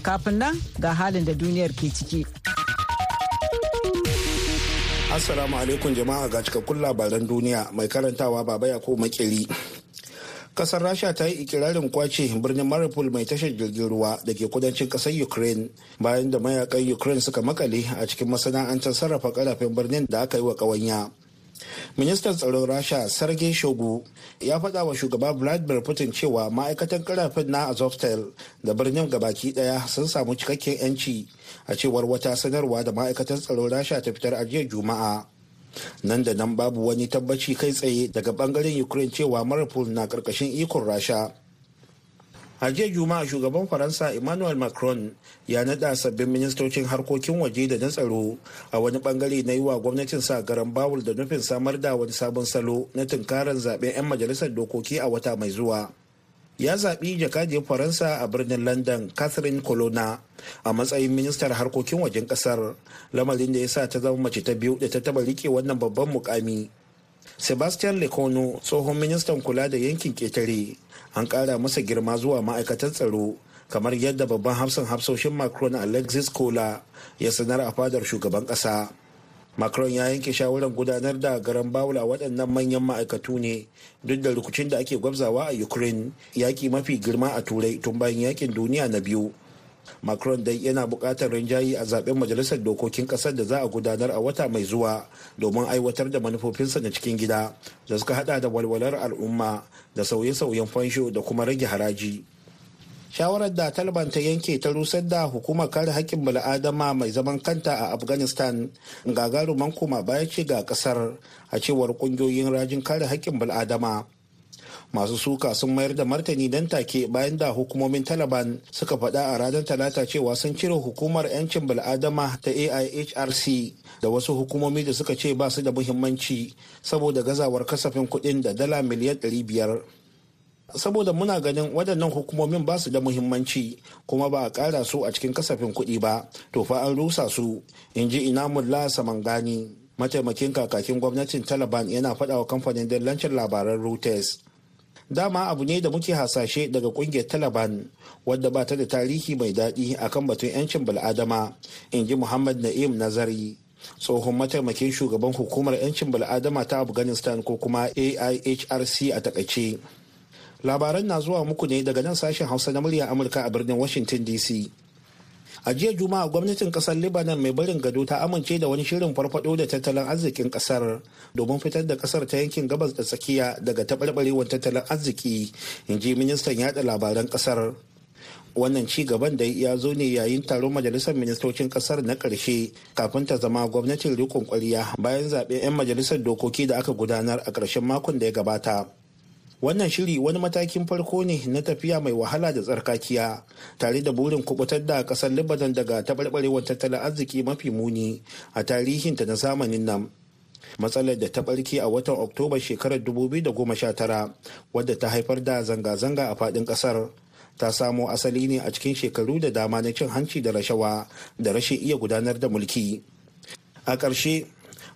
Kafin nan ga halin da duniyar ke ciki. Assalamu alaikum jama'a ga cikakkun labaran duniya mai karantawa baba Yakubu makiri Kasar Rasha ta yi ikirarin kwace birnin Mariupol mai tashar jirgin ruwa da ke kudancin kasar Ukraine bayan da mayakan Ukraine suka makale a cikin masana'antar sarrafa karafin birnin da aka yi wa ƙawanya. ministan tsaron rasha sergei shogu ya faɗa wa shugaba vladimir putin cewa ma'aikatan karafin na azovstal da birnin gabaki ɗaya sun samu cikakken 'yanci a cewar wata sanarwa da ma'aikatan tsaron rasha ta fitar a jiya juma'a nan da nan babu wani tabbaci kai tsaye daga bangaren ukraine cewa marapul na karkashin ikon rasha a jiya juma'a shugaban faransa emmanuel macron ya nada sabbin ministocin harkokin waje da na tsaro a wani bangare na yi wa gwamnatin sa garan bawul da nufin samar da wani sabon salo na tunkarar zaben 'yan majalisar dokoki a wata mai zuwa ya zaɓi jakajiyar faransa a birnin london catherine colonna a matsayin ministar harkokin wajen ƙasar lamarin da ya sa ta zama mace ta biyu da ta taba rike wannan babban mukami sebastian lecono tsohon ministan kula da yankin ƙetare an kara masa girma zuwa ma'aikatan tsaro kamar yadda babban hafsan hafsoshin macron alexis kola ya sanar a fadar shugaban kasa macron ya yanke shawarar gudanar da garan bawula waɗannan manyan ma'aikatu ne duk da rukucin da ake gwabzawa a ukraine yaƙi mafi girma a turai tun bayan yaƙin duniya na biyu macron dai yana buƙatar rinjayi a zaben majalisar dokokin ƙasar da za a gudanar a wata mai zuwa domin aiwatar da manufofinsa na cikin gida da suka hada da walwalar al'umma da sauye-sauyen fansho da kuma rage haraji shawarar da taliban ta yanke ta rusar da hukumar kare haƙƙin bala'adama mai zaman kanta a afghanistan gagaruman koma baya ce ga ƙasar a cewar ƙungiyoyin rajin kare haƙƙin bala'adama masu suka sun mayar da martani dan take bayan da hukumomin taliban suka faɗa a ranar talata cewa sun cire hukumar 'yancin bil'adama ta aihrc da wasu hukumomi da suka ce ba su da muhimmanci saboda gazawar kasafin kuɗin da dala miliyan 500 saboda muna ganin waɗannan hukumomin ba su da muhimmanci kuma ba a ƙara su a cikin kasafin kuɗi ba to fa an rusa su in ji inamullah samangani mataimakin kakakin gwamnatin taliban yana faɗa kamfanin dillancin labaran reuters dama abu ne da muke hasashe daga kungiyar taliban wadda ba ta da tarihi mai daɗi a kan batun 'yancin bal'adama in ji muhammad na'im nazari tsohon mataimakin shugaban hukumar 'yancin bal'adama ta afghanistan ko kuma aihrc a takaice labaran na zuwa muku ne daga nan sashen hausa na murya amurka a birnin washington dc a jiya juma'a gwamnatin kasar libanon mai barin gado ta amince da wani shirin farfado da tattalin arzikin kasar domin fitar da kasar ta yankin gabas da tsakiya daga taɓarɓarewar tattalin arziki in ji ministan yada labaran kasar wannan ci gaban da ya zo ne yayin taron majalisar ministocin kasar na ƙarshe kafin ta zama gwamnatin rikon kwariya bayan zaɓen 'yan majalisar dokoki da aka gudanar a ƙarshen makon da ya gabata wannan shiri wani matakin farko ne na tafiya mai wahala da tsarkakiya tare da burin kubutar da kasar libanon daga taɓarɓarewar tattalin arziki mafi muni a tarihinta na zamanin nan matsalar da ta ɓarke a watan oktoba shekarar 2019 wadda ta haifar da zanga-zanga a faɗin ƙasar ta samo asali ne a cikin shekaru da dama na cin hanci da rashawa da rashin iya gudanar da mulki a ƙarshe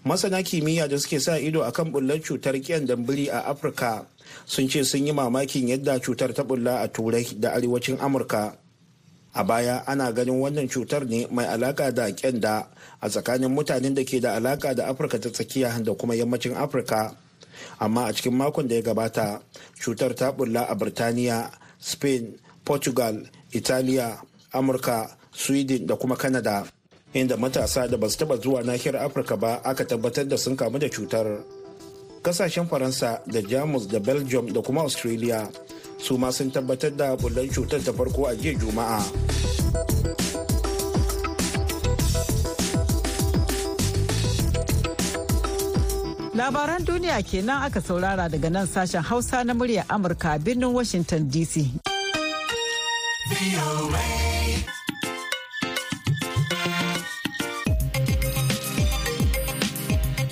masana kimiyya da suke sa ido akan bullar cutar kyan dambili a afirka sun ce sun yi mamakin yadda cutar ta bulla a turai da arewacin amurka a baya ana ganin wannan cutar ne mai alaka da kyanda a tsakanin mutanen da ke da alaka da afirka ta tsakiya da kuma yammacin afirka amma a cikin makon da ya gabata cutar ta bulla a birtaniya spain portugal italiya amurka sweden da kuma canada inda matasa da ba su taba zuwa nahiyar afirka ba aka tabbatar da sun kamu da cutar kasashen faransa da jamus da belgium da kuma australia su ma sun tabbatar da bullar cutar ta farko a jiya juma'a labaran duniya kenan aka saurara daga nan sashen hausa na murya amurka birnin washington dc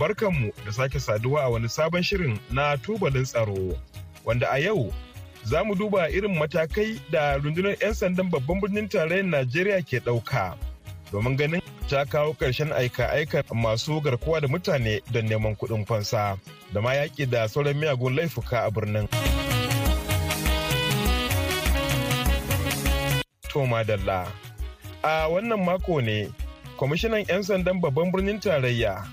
barkanmu da sake saduwa a wani sabon shirin na tubalin tsaro wanda a yau za mu duba irin matakai da rundunar 'yan sandan babban birnin tarayyar najeriya ke ɗauka domin ganin ta kawo ƙarshen aika aika masu garkuwa da mutane don neman kuɗin fansa da ma yaƙi da sauran miyagun laifuka a birnin. A wannan mako ne, kwamishinan 'yan sandan babban birnin tarayya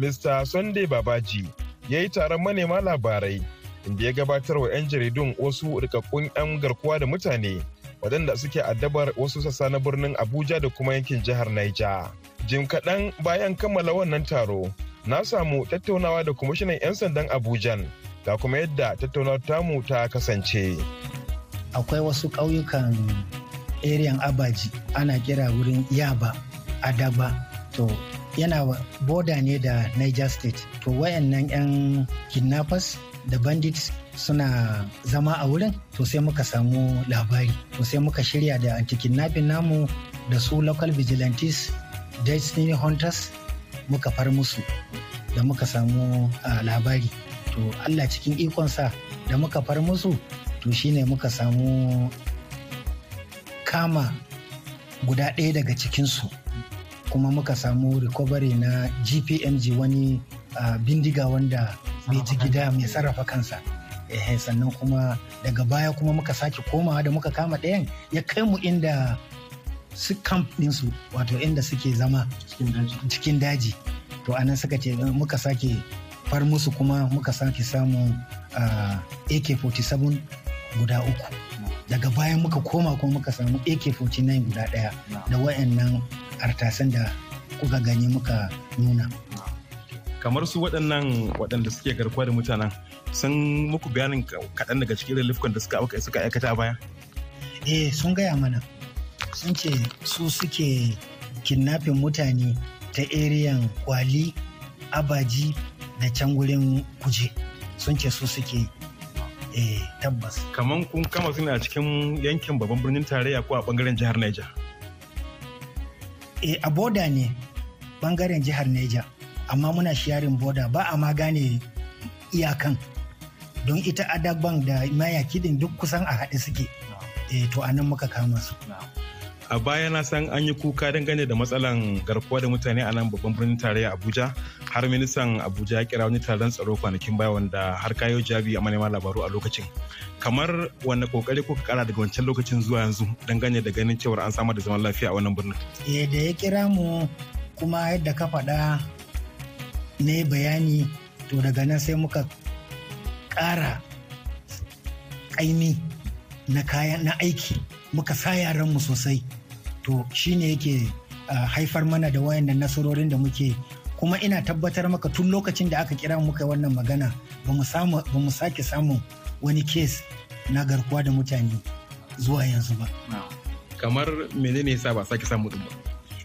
Mr. Sunday Babaji ya yi taron manema labarai inda ya gabatar wa 'yan jaridun wasu rikakkun 'yan garkuwa da mutane waɗanda suke addabar wasu sassa na birnin Abuja da kuma yankin jihar Naija. Jim kaɗan bayan kammala wannan taro, na samu tattaunawa da kwamishinan 'yan sandan Abujan ga kuma yadda tattaunawar tamu ta kasance. Akwai wasu ƙauyukan eriyan abaji ana kira wurin yaba adaba to yana boda ne da niger state to wayannan 'yan kidnappers da bandits suna zama a wurin to sai muka samu labari to sai muka shirya da anti-kidnapping namu da su local vigilantes destiny hunters muka far musu da muka samu ah, labari to allah cikin ikonsa da muka far musu to shine muka samu kama guda ɗaya daga cikinsu kuma muka samu recovery na gpmg wani bindiga wanda bai ji gida mai sarrafa kansa sannan kuma daga baya kuma muka sake komawa da muka kama ɗayan ya kai mu inda su camp ɗinsu wato inda suke zama cikin daji to anan suka ce eh, muka sake far musu kuma muka sake samu ak-47 guda uku daga baya muka koma kuma muka samu ak-49 guda ɗaya da wayannan artasan da kuka gani muka nuna kamar su waɗannan waɗanda suke garkuwa da mutanen sun muku bayanin kaɗan daga cikin laifukan da suka suka aikata baya eh sun gaya mana sun ce su suke kidnapping mutane ta eriyan kwali abaji da can gurin kuje sun ce su suke eh, tabbas kamar kun kama suna cikin yankin babban birnin tarayya ko a bangaren jihar Niger e, a boda ne bangaren jihar Neja amma muna sharing boda ba a magane iyakan don ita adagban da mayaki din duk kusan a haɗe suke e, to anan muka kama su. a baya na san an yi kuka dangane da matsalan garkuwa da mutane a nan babban birnin tarayya abuja har ministan abuja ya kira wani taron tsaro kwanakin baya wanda har kayo jabi a manema labaru a lokacin kamar wanda kokari kuka kara daga wancan lokacin zuwa yanzu dangane da ganin cewar an samar da zaman lafiya a wannan birnin eh da ya kira mu kuma yadda ka faɗa ne bayani to daga nan sai muka ƙara ƙaimi na kayan na aiki muka sa yaranmu sosai to shi ne yake haifar mana da wayannan nasarorin da muke kuma ina tabbatar maka tun lokacin da aka kira muka wannan magana ba mu sake samun wani kes na garkuwa da mutane zuwa yanzu ba. kamar menene yasa ba sake samu ba.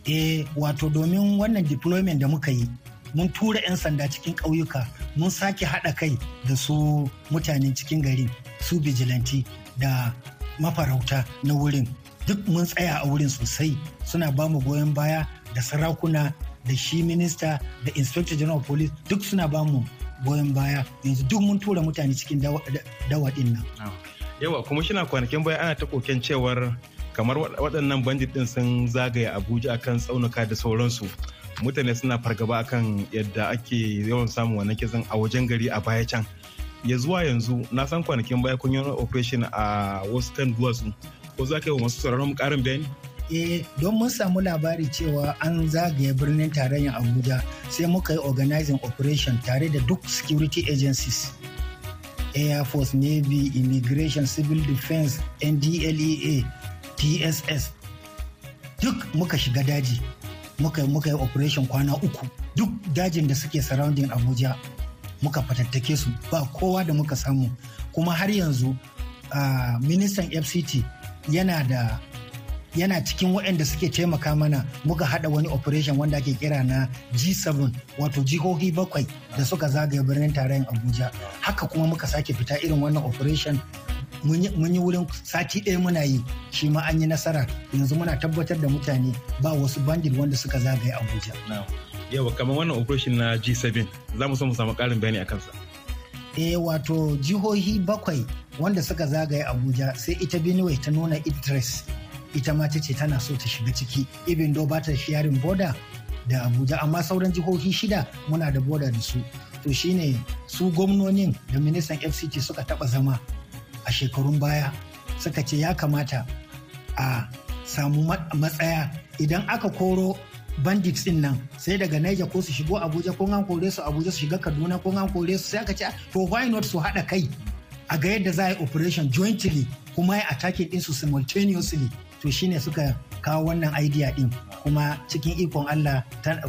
eh wato domin wannan deployment da muka yi mun tura 'yan sanda cikin ƙauyuka mun sake haɗa kai da su mutanen cikin gari su bijilanti da mafarauta na wurin duk mun tsaya a wurin sosai suna ba mu goyon baya da sarakuna da shi minista da inspector general police duk suna ba mu goyon baya yanzu duk mun tura mutane cikin dawa din nan. Ah. yawa kuma shi na kwanakin baya ana ta koken cewar kamar waɗannan bandit din sun zagaya abuja akan tsaunuka da sauransu mutane suna fargaba akan yadda ake yawan samun wannan kisan a wajen gari a baya can ya zuwa yanzu na san kwanakin baya kun yi operation a wasu kan duwatsu ko za ka yi wa masu sauraron karin bayani? Eh, don mun samu labari cewa an zagaye birnin tarayyar Abuja sai muka yi organizing operation tare da duk security agencies. Air Force, Navy, Immigration, Civil Defense, NDLEA, TSS. Duk muka shiga daji, muka yi operation kwana uku. Duk dajin da suke surrounding Abuja muka fatattake su ba kowa da muka samu. Kuma har yanzu ah, ministan FCT yana da yana cikin waɗanda suke taimaka mana muka haɗa wani operation wanda ake kira na G7 wato jihohi bakwai da suka zagaya birnin tarayyar Abuja haka kuma muka sake fita irin wannan operation mun yi wurin sati ɗaya muna yi shi ma an yi nasara yanzu muna tabbatar da mutane ba wasu bandit wanda suka zagaya Abuja. Yawa kamar wannan operation na G7 za mu so mu samu ƙarin bayani a kansa. eh wato jihohi bakwai wanda suka zagaye abuja sai ita benue ta nuna interest ita ma ta ce tana so ta shiga ciki ibin do ba ta sharing border da abuja amma sauran jihohi shida muna da boda da su to shine su gwamnonin da ministan fct suka taba zama a shekarun baya suka ce ya kamata a samu matsaya idan aka koro bandits din nan sai daga Niger ko su shigo Abuja ko an kore su Abuja su shiga Kaduna ko an kore su sai aka ce to why not su haɗa kai a ga yadda za a yi operation jointly kuma ya attack din su simultaneously to shine suka kawo wannan idea din kuma cikin ikon Allah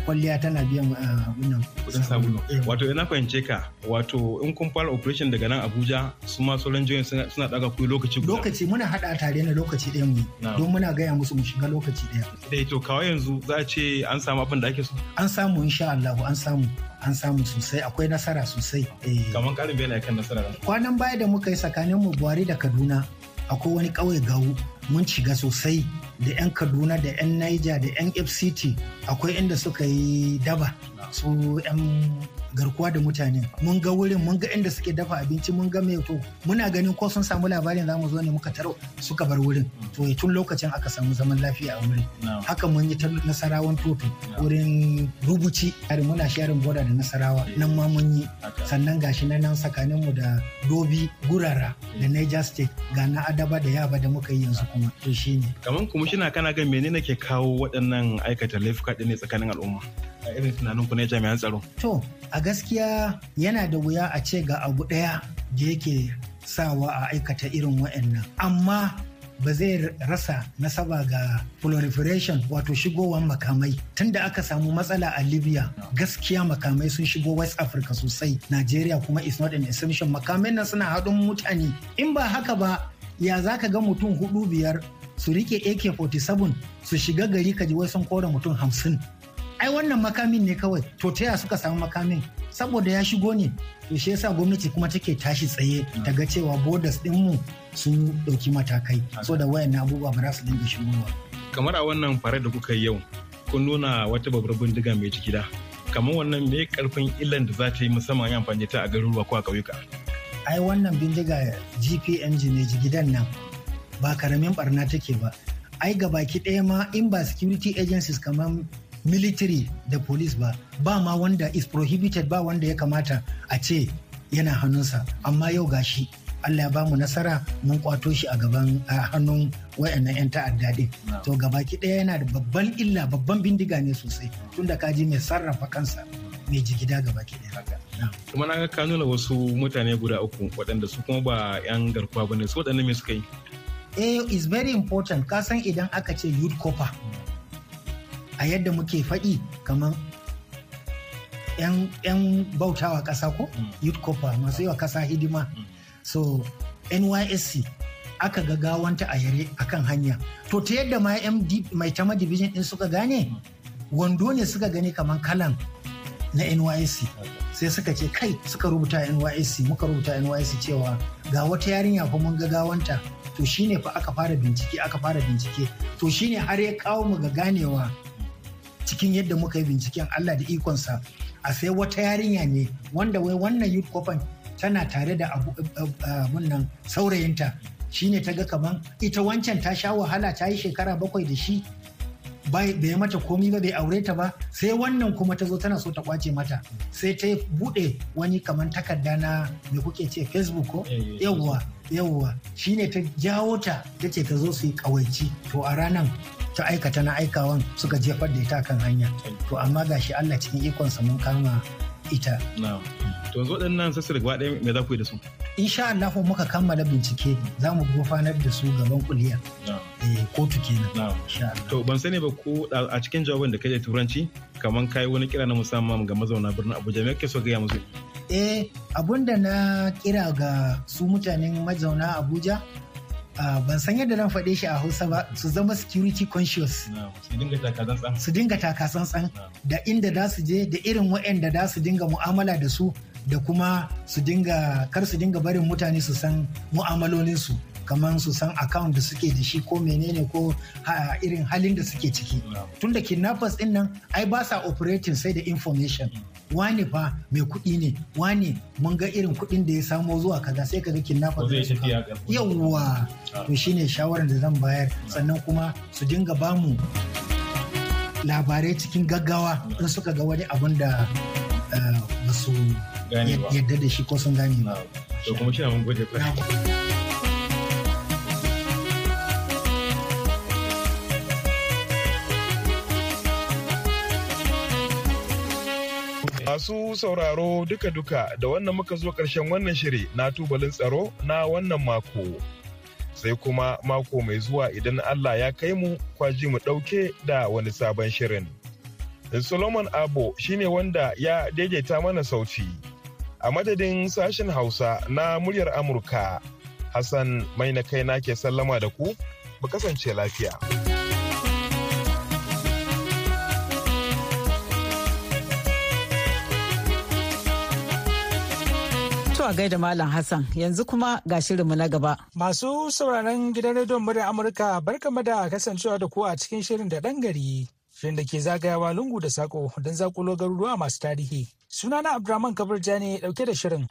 kwalliya tana biyan wannan ah, kudin sabulu eh. wato ina fahimce ka wato in kun fara operation daga nan Abuja su ma sauran jiyoyin suna daga kuyi lokaci guda lokaci muna hada tare na lokaci ɗaya mu don muna gaya musu mu shiga lokaci ɗaya dai eh, to kawo yanzu za a ce an samu abin da ake so an samu insha Allah an samu an samu sosai akwai nasara sosai. Eh. Kamar karin bayani kan nasara. Kwanan baya da muka yi tsakanin mu Buhari da Kaduna akwai wani ƙauye gawo mun shiga sosai da 'yan kaduna da 'yan niger da 'yan fct akwai inda suka yi daba su 'yan garkuwa da mutane mun ga wurin mun ga inda suke dafa abinci mun ga mai to muna ganin ko sun samu labarin za mu zo ne muka taro suka bar wurin hmm. to tun lokacin aka samu zaman lafiya a wurin haka mun yi ta nasarawan toto wurin rubuci har muna sharin boda da nasarawa eh. nan ma mun yi sannan gashi na nan tsakanin mu da dobi gurara da eh. niger state ga na adaba da yaba da muka yi yanzu kuma to shine kaman kuma shina kana ga menene ke kawo waɗannan aikata laifuka ne tsakanin al'umma a irin tunaninku ne jami'an tsaro? To, a gaskiya yana da wuya a ce ga abu ɗaya da yake sawa a aikata irin wa'annan. Amma ba zai rasa nasaba ga proliferation wato shigowar makamai tunda aka samu matsala a libya gaskiya makamai sun shigo west africa sosai nigeria kuma is not an exception makamai nan suna haɗin mutane in ba haka ba ya za ka ga mutum hudu biyar su rike ak-47 su shiga gari kaji wai sun kora mutum hamsin ai wannan makamin ne kawai to ta suka samu makamin saboda ya shigo ne to shi yasa gwamnati kuma take tashi tsaye ta ga cewa borders dinmu sun ɗauki matakai so da wayan abubuwa ba za su dinga shigowa kamar a wannan fare da kuka yi yau kun nuna wata babbar bindiga mai ciki da kamar wannan me karfin illan da za ta yi musamman amfani ta a garuruwa ko a kauyuka ai wannan bindiga gpng ne ji gidan nan ba karamin barna take ba ai gabaki ɗaya ma in ba security agencies kamar military da police ba ba ma wanda is prohibited ba wanda ya kamata a ce yana hannunsa amma yau gashi Allah ya bamu nasara mun kwato shi a gaban hannun wayannan 'yan ta'adda din. To gabaki ɗaya yana da babban illa babban bindiga ne sosai tunda kaji mai sarrafa kansa mai jigida gabaki ɗaya. Kuma na ga ka nuna wasu mutane guda uku waɗanda su kuma ba 'yan garkuwa ba su waɗanda me suka yi. Eh is very important ka san idan aka ce youth copper a yadda muke faɗi kamar 'yan bautawa ƙasa ko mm. youth copper masu yawa ƙasa hidima mm. so nysc aka ga gawanta a yare akan hanya to ta yadda ma mai tama division din suka gane mm. wando ne suka gani kamar kalan na nysc sai suka ce kai suka rubuta nysc muka rubuta nysc cewa ga wata yarinya fa mun ga gawanta to shine fa aka fara bincike aka fara bincike to shine har ya kawo mu ga ganewa cikin yadda muka yi binciken Allah da ikonsa a sai wata yarinya ne wanda wai wannan youth kofan tana tare da abu eh, eh, eh, nan saurayinta shine ta ga kaman ita wancan ta sha wahala ta yi shekara bakwai da shi bai mata komi ba bai aure ta ba sai wannan kuma ta zo tana so ta kwace mata sai ta bude wani kaman takarda na me kuke ce facebook ko yawwa yawwa shine ta jawo ta ta ce ta zo su yi kawaici to a ranan ta aikata na aikawan suka jefar da ita kan hanya to amma gashi Allah cikin ikonsa mun kama ita to yanzu waɗannan sassa da gwaɗe me za ku yi da su insha Allah muka kammala bincike za mu gofanar da su gaban kuliya eh, kotu kenan to ban sani ba ko a cikin jawabin da kai turanci kamar kai wani kira na musamman ga mazauna birnin Abuja me kake so gaya musu eh abun da na kira ga su mutanen mazauna Abuja Ah, ban san yadda zan faɗe shi a hausa ba su zama security conscious su dinga taka tsantsan da inda za su je da irin waɗanda za su dinga mu'amala da su da kuma su dinga kar su dinga barin mutane su san mu'amalolinsu kamar su san account da suke da shi ko menene ko irin halin da suke ciki tunda kidnappers din nan ai ba sa operating sai da information wani fa mai kuɗi ne wani mun ga irin kuɗin da ya samo zuwa kaza sai ka ga kidnappers yawwa ah. to shine shawaran da zan bayar sannan kuma su dinga bamu labarai cikin gaggawa in suka ga wani abun da eh, ba su yadda da shi ko sun gane ba. kuma shi mun gode Masu sauraro duka-duka da wannan muka zo ƙarshen wannan shiri na tubalin tsaro na wannan mako. Sai kuma mako mai zuwa idan Allah ya kai mu kwaji mu ɗauke da wani sabon shirin. Solomon Abo shine wanda ya daidaita mana sauti. A madadin sashen Hausa na muryar Amurka, Hassan mai na kai na ke sallama da ku, mu kasance lafiya. To a gaida Malam Hassan yanzu kuma ga shirinmu na gaba. Masu sauraron gidan rediyon murya Amurka barkamu da kasancewa da ku a cikin shirin da ɗan gari. Shirin da ke zagayawa lungu da sako don zakulo garuruwa masu tarihi. Sunana Abdurrahman Kabir Jani ɗauke da shirin.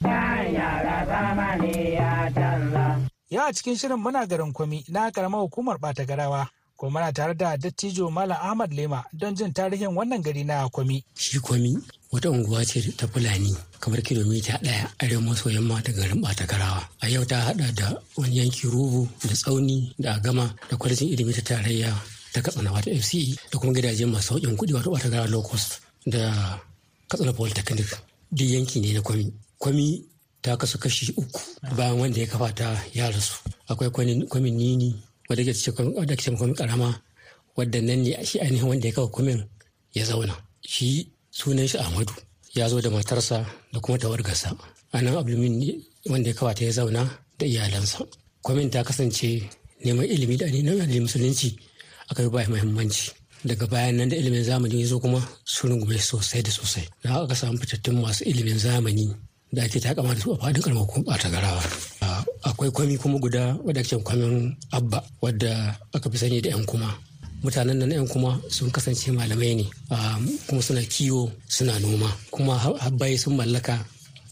Ya a cikin shirin muna garin kwami na karamar hukumar ɓata garawa. ko mana tare da dattijo Malam Ahmad Lema don jin tarihin wannan gari na Kwami. Shi Kwami wata unguwa ce ta Fulani kamar kilomita ɗaya arewa maso yamma da garin Batagarawa. A yau ta haɗa da wani yanki Rubu da Tsauni da Agama da kwalejin ilimi ta tarayya ta Katsina wata FCE da kuma gidajen masu sauƙin kuɗi wata Batagarawa Low Cost da Katsina Polytechnic. Duk yanki ne na Kwami. Kwami ta kasu kashi uku bayan wanda ya kafa ta ya rasu. Akwai kwamin nini wadda ke cikin kwamin karama wadda nan ne shi ainihin wanda ya kawo kumin ya zauna shi sunan shi ahmadu ya zo da matarsa da kuma tawargarsa a nan abulmin wanda ya kawata ya zauna da iyalansa kwamin ta kasance neman ilimi da ainihin addinin musulunci aka yi bai muhimmanci daga bayan nan da ilimin zamani ya zo kuma sun rungume sosai da sosai na aka samu fitattun masu ilimin zamani da ake takama da su a faɗin ƙarfafa ɓata garawa akwai kwami kuma guda wadda ake kwamin abba wadda aka fi sani da yan kuma mutanen nan yan kuma sun kasance malamai ne um, kuma suna kiwo suna noma kuma habbaye sun mallaka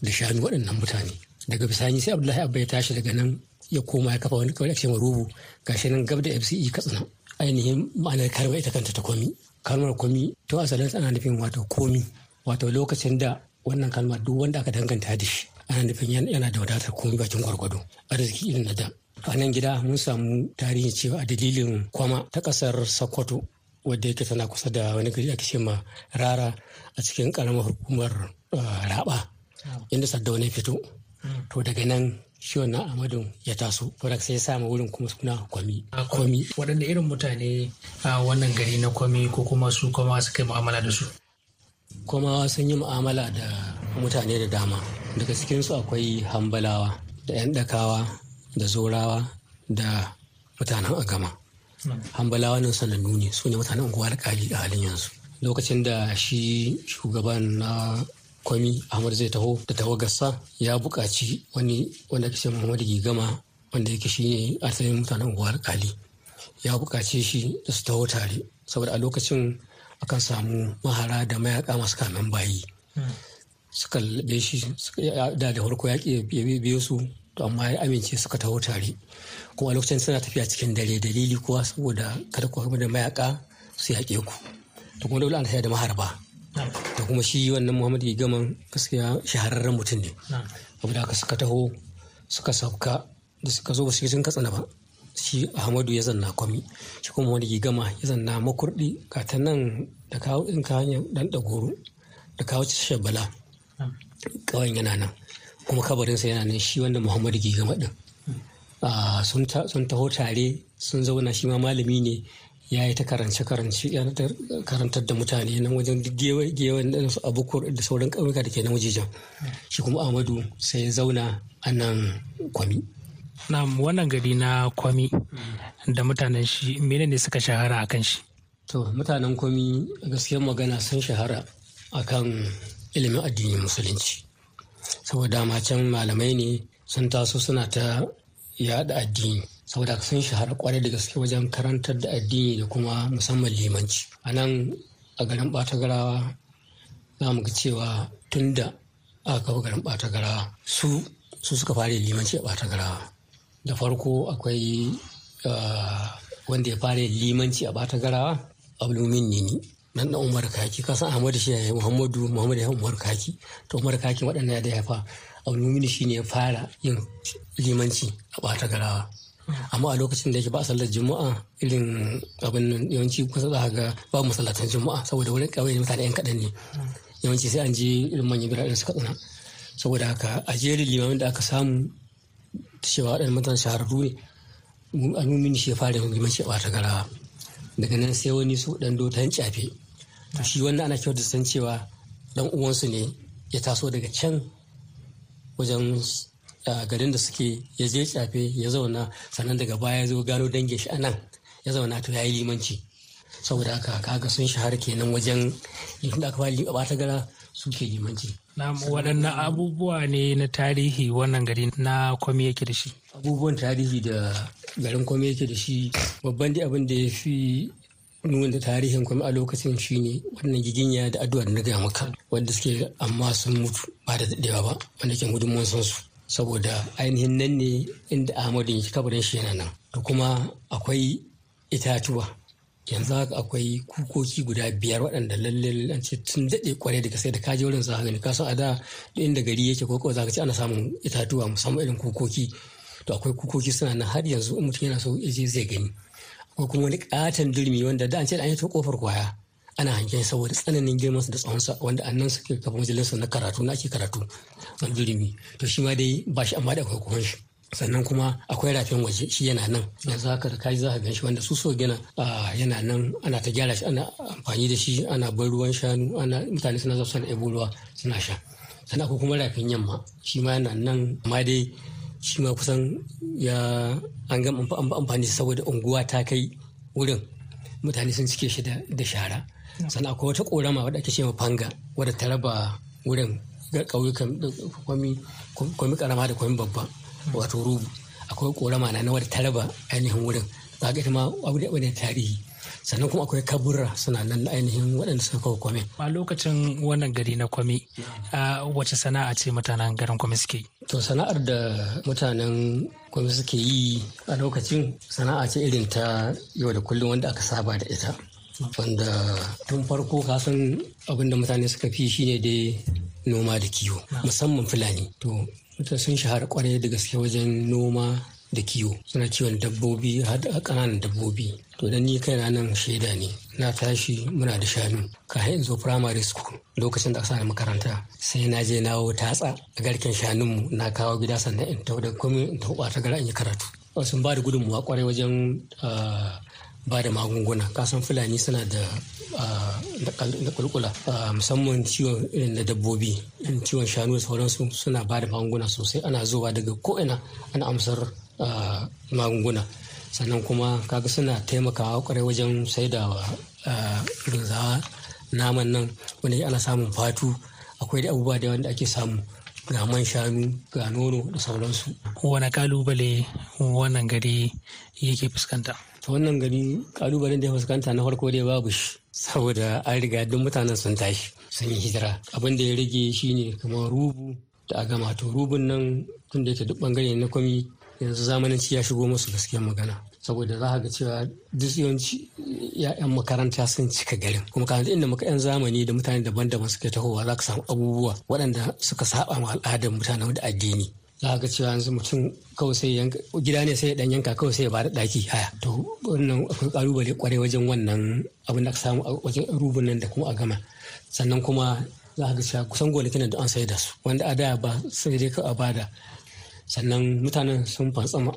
da shanu waɗannan mutane daga bisani sai abdullahi abba ya tashi daga nan ya koma ya kafa wani kawai ake marubu gashi nan gab da fce katsina ainihin ma'anar karma ita kanta ta kwami. kalmar kwami to asalin ana nufin wato komi wato lokacin da wannan kalmar duk wanda aka danganta da shi ana nufin yana da wadatar komai bakin gwargwado arziki irin na da a nan gida mun samu tarihin cewa a dalilin kwama ta kasar sokoto wadda yake tana kusa da wani gari ake ce ma rara a cikin karamar hukumar uh, raba inda wani fito to daga nan shi wannan amadu ya taso wadda sai ya samu wurin kuma suna kwami kwami waɗanda irin mutane a wannan gari na kwami ko kuma su kwama suka yi mu'amala da su kwamawa sun yi mu'amala da mutane da dama daga cikinsu akwai hambalawa da 'yan ɗakawa da zorawa da mutanen agama hmm. hambalawa nan sanannu ne su ne mutanen unguwa alkali a halin yanzu lokacin da shi shugaban na kwami ahmad zai taho da tawagarsa ya buƙaci wani wanda ke muhammadu gigama wanda yake shi ne asalin mutanen unguwa alkali ya buƙace shi da su taho tare saboda a lokacin akan samu mahara da mayaka masu kamen bayi hmm. suka lalbe shi da da farko yaƙi ya biyo su to amma ya amince suka taho tare kuma lokacin suna tafiya cikin dare dalili kuwa saboda kada ku da mayaka su yaƙe ku to kuma dole an da maharba To kuma shi wannan muhammadu gaman gaskiya shahararren mutum ne abu da aka suka taho suka sauka da suka zo ba su sun katsina ba shi ahmadu ya zanna kwami shi kuma wani gama ya zanna makurdi ta nan da kawo in ka hanyar dan ɗan-goro da kawo shabbala kawai yana nan kuma kabarinsa yana nan shi wanda muhammadu ke gama din ah, sun taho tare sun zauna shi ma malami ne ya yi ta karance karance karantar da mutane nan wajen gewen da su abukur da sauran ƙauyuka da ke nan wajejen shi kuma amadu sai ya zauna a nan kwami na wannan gari na kwami da mutanen shi mene ne suka shahara a kan shi to mutanen kwami gaskiyar magana sun shahara a kan. ilimin addinin musulunci saboda ma can malamai ne sun taso suna ta yada addini saboda sun shahara kwarai da gaske wajen karantar da addini da kuma musamman limanci a nan a garin batagarawa za mu ga cewa tun da aka kafa garin batagarawa su su suka fara limanci a batagarawa da farko akwai ah, wanda ya fara limanci a batagarawa abdulmumin nini nan da umar kaki kasan ahmadu shi ne muhammadu muhammadu ya umar kaki to umar kaki waɗanda da ya fa abdulmumini shi ne ya fara yin limanci a ɓata garawa amma a lokacin da yake ba a sallar juma'a irin abin nan yawanci kusa za ga ba masallatan juma'a saboda wurin ƙauye mutane yan kaɗan ne yawanci sai an je irin manyan da suka katsina saboda haka a jerin limamin da aka samu cewa waɗannan mutane shahararru ne almumini shi ya fara yin limanci a ɓata garawa daga nan sai wani su ɗan dotan cafe to shi wannan ana kyautar san cewa dan uwansu ne ya taso daga can wajen garin da suke ya je shafe ya zauna sannan daga baya ya zo gano dangin shi anan ya zauna to ya yi limanci saboda haka kaga sun shahara kenan wajen da aka fara bata gara suke limanci na waɗannan abubuwa ne na tarihi wannan gari na kwami yake da shi abubuwan tarihi da garin kwami yake da shi babban dai abin da ya fi nuna tarihin kuma a lokacin shine wannan giginya da addu'a da na gaya maka wanda suke amma sun mutu ba da daɗewa ba wanda ke gudun mun san su saboda ainihin nan ne inda ahmadu yake kabarin shi yana nan da kuma akwai itatuwa yanzu haka akwai kukoki guda biyar waɗanda lalle an ce tun daɗe kwarai daga sai da ka je wurin za ka gani ka san a da inda gari yake ko za ka ce ana samun itatuwa musamman irin kukoki to akwai kukoki suna nan har yanzu in mutum yana so ya je zai gani ko kuma wani katon durmi wanda da an ce da an yi ta kofar kwaya ana hangen saboda tsananin girmansu da tsawonsa wanda annan suke kafa majalisar na karatu na ake karatu a durmi to shi ma dai ba shi amma da akwai kuma shi sannan kuma akwai rafin waje shi yana nan yanzu haka da kaji za ka ganshi wanda su so gina yana nan ana ta gyara shi ana amfani da shi ana bar ruwan shanu ana mutane suna zafi suna ebo ruwa suna sha sannan akwai kuma rafin yamma shi ma yana nan amma dai shi ma kusan ya an ga amfani saboda unguwa ta kai wurin mutane sun cike shi da shara sannan akwai wata korama wadda ake cewa fanga wadda ta raba wurin ƙauyukan kwami karama da kwami babba wato rubu akwai korama na wadda ta raba ainihin wurin za ga ita ma abu da tarihi sannan kuma akwai kaburra suna nan na ainihin waɗanda suka kawo kwame. a lokacin wannan gari na kwame wace sana'a ce mutanen garin kwame suke yi to sana'ar da mutanen kwame suke yi a lokacin sana'a ce irin ta yau da kullum wanda aka saba da ita wanda tun farko kasan abin da mutane suka fi shine dai noma da kiwo musamman fulani to mutane sun shahara kwarai da gaske wajen noma da kiwo suna kiwon dabbobi har ƙananan dabbobi to dan ni kai nan shaida ne na tashi muna da shanu Ka in zo primary school lokacin da aka makaranta sai na je nawo tatsa a garken mu na kawo gida sannan in tau da komai in tau ta gara in yi karatu sun ba da gudunmuwa kwarai wajen ba da magunguna kasan fulani suna da da kulkula musamman ciwon irin da dabbobi ciwon shanu da sauransu suna ba da magunguna sosai ana zuwa daga ko'ina ana amsar magunguna sannan kuma kaga suna taimakawa kwarai wajen sai da rinzawa naman nan wani ana samun fatu akwai da abubuwa da wanda ake samu ga man shanu ga nono da sauransu wani kalubale wannan gari yake fuskanta ta wannan gari kalubalen da ya fuskanta na farko dai babu shi saboda an riga duk mutanen sun tashi sun yi hijira abin da ya rage shine kamar rubu da gama to rubun nan tun da yake duk bangare na kwami yanzu zamananci ya shigo musu gaskiyar magana saboda za ga cewa duk yawanci ya'yan makaranta sun cika garin kuma kan inda muka yan zamani da mutane daban-daban suke tahowa za ka samu abubuwa waɗanda suka saba ma al'adar mutanen da addini za ga cewa yanzu mutum kawai sai yanka gida ne sai dan yanka kawai sai ya bada daki haya to wannan akwai kalubale kwarai wajen wannan abin da ka samu a wajen rubun nan da kuma a gama sannan kuma za ga cewa kusan gonakin da an sai da su wanda a da ba sai dai ka a bada sannan mutanen sun fantsama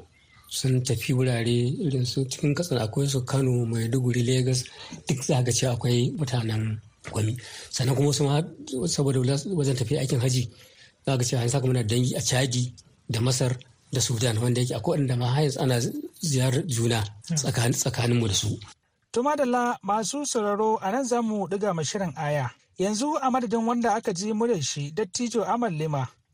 sun tafi wurare irin su cikin katsina akwai su kano maiduguri lagos duk zaga ce akwai mutanen gwami sannan kuma su saboda wajen tafi aikin haji zaga cewa an saka mana dangi a chadi da masar da sudan wanda yake akwai inda ma yanzu ana ziyarar juna tsakaninmu da su to madalla masu sauraro a nan za mu ɗiga shirin aya yanzu a madadin wanda aka ji muryar shi dattijo amal lima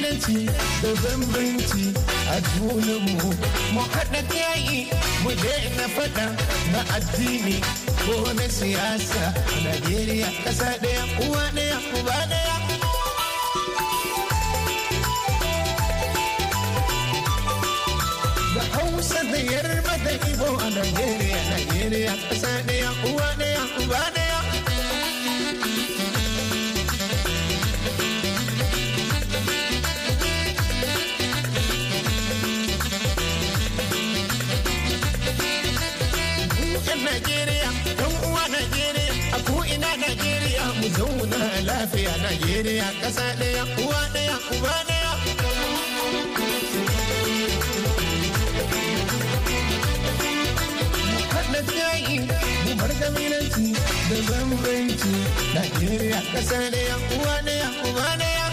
bambanci da bambanci a junanmu mu haɗa yayi mu na faɗa na addini ko na siyasa Najeriya ƙasa ɗaya uwa ɗaya uba ɗaya. Da Hausa da Yarba da Ibo a Najeriya, Najeriya ƙasa ɗaya uwa ɗaya uba ɗaya. Najeriya mu zauna lafiya Najeriya ƙasa ɗaya uwa ɗaya uba ɗaya. Haɗa jayi mu bar kabilanci da bambanci Najeriya ƙasa ɗaya uwa ɗaya uba ɗaya.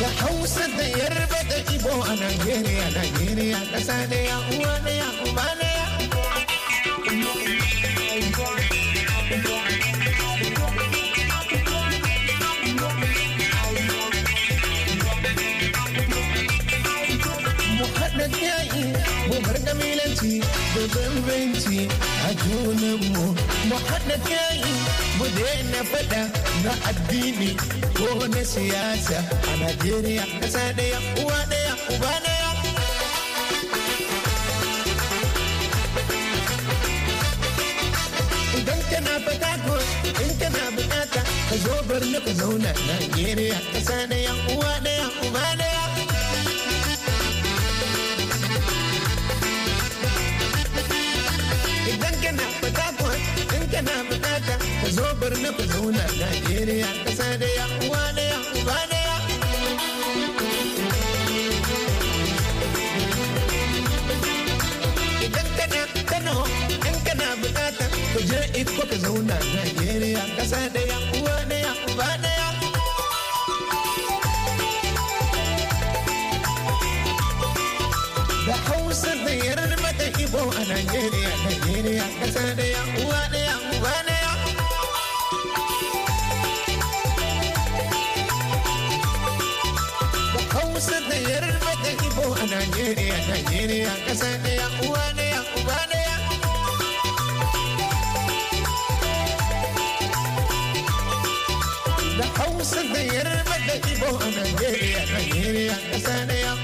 Ya Hausa da Yar Najeriya, Najeriya, kasa ne ya uwa da ya uba da ya. a junanmu. Mu haɗa yayi, mu daina faɗa na addini ko na siyasa a Najeriya, ƙasa ya uwa uba daya idan in kana bukata ka zo birni ka zauna Najeriya kasa da uwa in kana bukata ka zo birni zauna Najeriya kasa daya je in kuka zauna Najeriya ƙasa ɗaya uwa ɗaya uba ɗaya. Da Hausa da Yarba da Ibo a nigeria nigeria kasa ɗaya uwa ɗaya uba ɗaya. Da Hausa da Yarba da Ibo a nigeria nigeria kasa ɗaya uwa ɗaya uba ɗaya. da yarba da ibo a Najeriya, Najeriya kasa daya